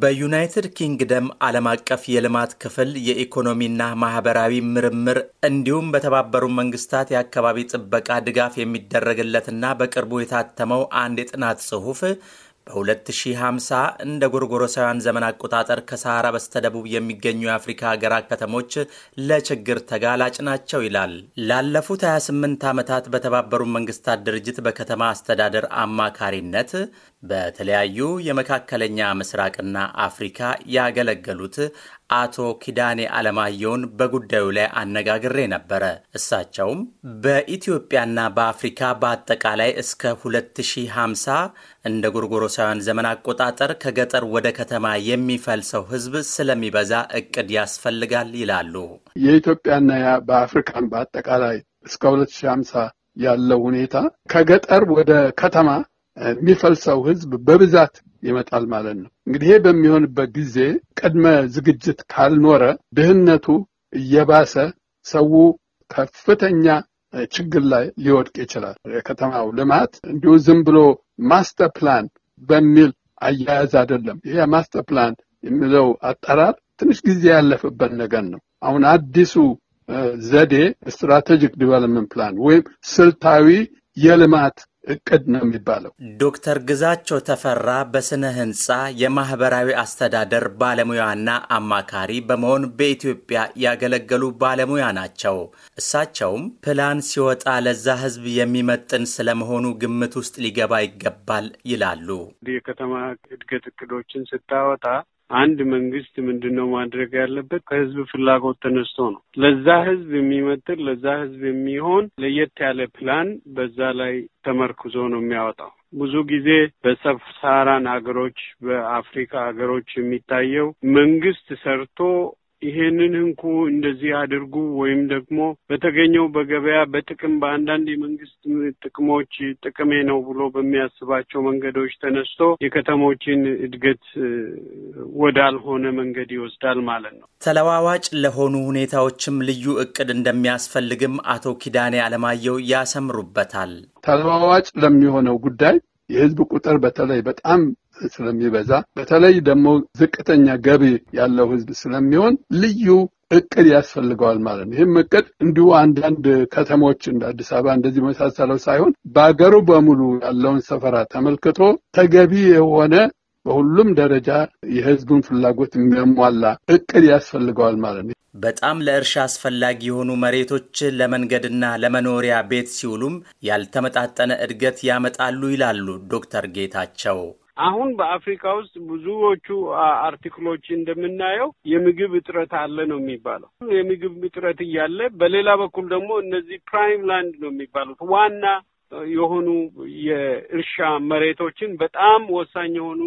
በዩናይትድ ኪንግደም ዓለም አቀፍ የልማት ክፍል የኢኮኖሚና ማህበራዊ ምርምር እንዲሁም በተባበሩ መንግስታት የአካባቢ ጥበቃ ድጋፍ የሚደረግለትና በቅርቡ የታተመው አንድ የጥናት ጽሑፍ በ2050 እንደ ጎርጎሮሳውያን ዘመን አቆጣጠር ከሰሃራ በስተደቡብ የሚገኙ የአፍሪካ ሀገራት ከተሞች ለችግር ተጋላጭ ናቸው ይላል። ላለፉት 28 ዓመታት በተባበሩት መንግስታት ድርጅት በከተማ አስተዳደር አማካሪነት በተለያዩ የመካከለኛ ምስራቅና አፍሪካ ያገለገሉት አቶ ኪዳኔ አለማየሁን በጉዳዩ ላይ አነጋግሬ ነበረ። እሳቸውም በኢትዮጵያና በአፍሪካ በአጠቃላይ እስከ 2050 እንደ ጎርጎሮሳውያን ዘመን አቆጣጠር ከገጠር ወደ ከተማ የሚፈልሰው ሕዝብ ስለሚበዛ እቅድ ያስፈልጋል ይላሉ። የኢትዮጵያና በአፍሪካን በአጠቃላይ እስከ 2050 ያለው ሁኔታ ከገጠር ወደ ከተማ የሚፈልሰው ሕዝብ በብዛት ይመጣል ማለት ነው። እንግዲህ ይሄ በሚሆንበት ጊዜ ቅድመ ዝግጅት ካልኖረ ድህነቱ እየባሰ ሰው ከፍተኛ ችግር ላይ ሊወድቅ ይችላል። የከተማው ልማት እንዲሁ ዝም ብሎ ማስተር ፕላን በሚል አያያዝ አይደለም። ይሄ ማስተር ፕላን የሚለው አጠራር ትንሽ ጊዜ ያለፈበት ነገር ነው። አሁን አዲሱ ዘዴ ስትራቴጂክ ዲቨሎፕመንት ፕላን ወይም ስልታዊ የልማት እቅድ ነው የሚባለው። ዶክተር ግዛቸው ተፈራ በስነ ህንፃ የማህበራዊ አስተዳደር ባለሙያና አማካሪ በመሆን በኢትዮጵያ ያገለገሉ ባለሙያ ናቸው። እሳቸውም ፕላን ሲወጣ ለዛ ህዝብ የሚመጥን ስለመሆኑ ግምት ውስጥ ሊገባ ይገባል ይላሉ። የከተማ እድገት እቅዶችን ስታወጣ አንድ መንግስት ምንድን ነው ማድረግ ያለበት? ከህዝብ ፍላጎት ተነስቶ ነው። ለዛ ህዝብ የሚመጥን ለዛ ህዝብ የሚሆን ለየት ያለ ፕላን በዛ ላይ ተመርክዞ ነው የሚያወጣው። ብዙ ጊዜ በሰብ ሀገሮች በአፍሪካ ሀገሮች የሚታየው መንግስት ሰርቶ ይሄንን እንኩ እንደዚህ አድርጉ ወይም ደግሞ በተገኘው በገበያ በጥቅም በአንዳንድ የመንግስት ጥቅሞች ጥቅሜ ነው ብሎ በሚያስባቸው መንገዶች ተነስቶ የከተሞችን እድገት ወዳልሆነ መንገድ ይወስዳል ማለት ነው። ተለዋዋጭ ለሆኑ ሁኔታዎችም ልዩ እቅድ እንደሚያስፈልግም አቶ ኪዳኔ አለማየሁ ያሰምሩበታል። ተለዋዋጭ ለሚሆነው ጉዳይ የህዝብ ቁጥር በተለይ በጣም ስለሚበዛ በተለይ ደግሞ ዝቅተኛ ገቢ ያለው ህዝብ ስለሚሆን ልዩ እቅድ ያስፈልገዋል ማለት ነው። ይህም እቅድ እንዲሁ አንዳንድ ከተሞች እንደ አዲስ አበባ እንደዚህ መሳሰለው ሳይሆን በአገሩ በሙሉ ያለውን ሰፈራ ተመልክቶ ተገቢ የሆነ በሁሉም ደረጃ የህዝቡን ፍላጎት የሚያሟላ እቅድ ያስፈልገዋል ማለት ነው። በጣም ለእርሻ አስፈላጊ የሆኑ መሬቶች ለመንገድና ለመኖሪያ ቤት ሲውሉም ያልተመጣጠነ እድገት ያመጣሉ ይላሉ ዶክተር ጌታቸው። አሁን በአፍሪካ ውስጥ ብዙዎቹ አርቲክሎች እንደምናየው የምግብ እጥረት አለ ነው የሚባለው። የምግብ እጥረት እያለ በሌላ በኩል ደግሞ እነዚህ ፕራይም ላንድ ነው የሚባሉት ዋና የሆኑ የእርሻ መሬቶችን በጣም ወሳኝ የሆኑ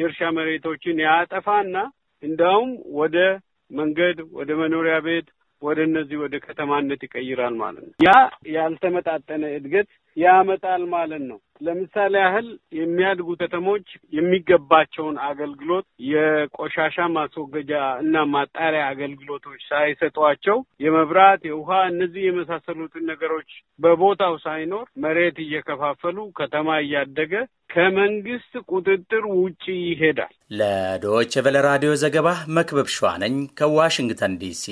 የእርሻ መሬቶችን ያጠፋና እንዲያውም ወደ መንገድ፣ ወደ መኖሪያ ቤት ወደ እነዚህ ወደ ከተማነት ይቀይራል ማለት ነው። ያ ያልተመጣጠነ እድገት ያመጣል ማለት ነው። ለምሳሌ ያህል የሚያድጉ ከተሞች የሚገባቸውን አገልግሎት የቆሻሻ ማስወገጃ እና ማጣሪያ አገልግሎቶች ሳይሰጧቸው የመብራት፣ የውሃ እነዚህ የመሳሰሉትን ነገሮች በቦታው ሳይኖር መሬት እየከፋፈሉ ከተማ እያደገ ከመንግስት ቁጥጥር ውጪ ይሄዳል። ለዶች ቨለ ራዲዮ ዘገባ መክበብ ሸዋነኝ ከዋሽንግተን ዲሲ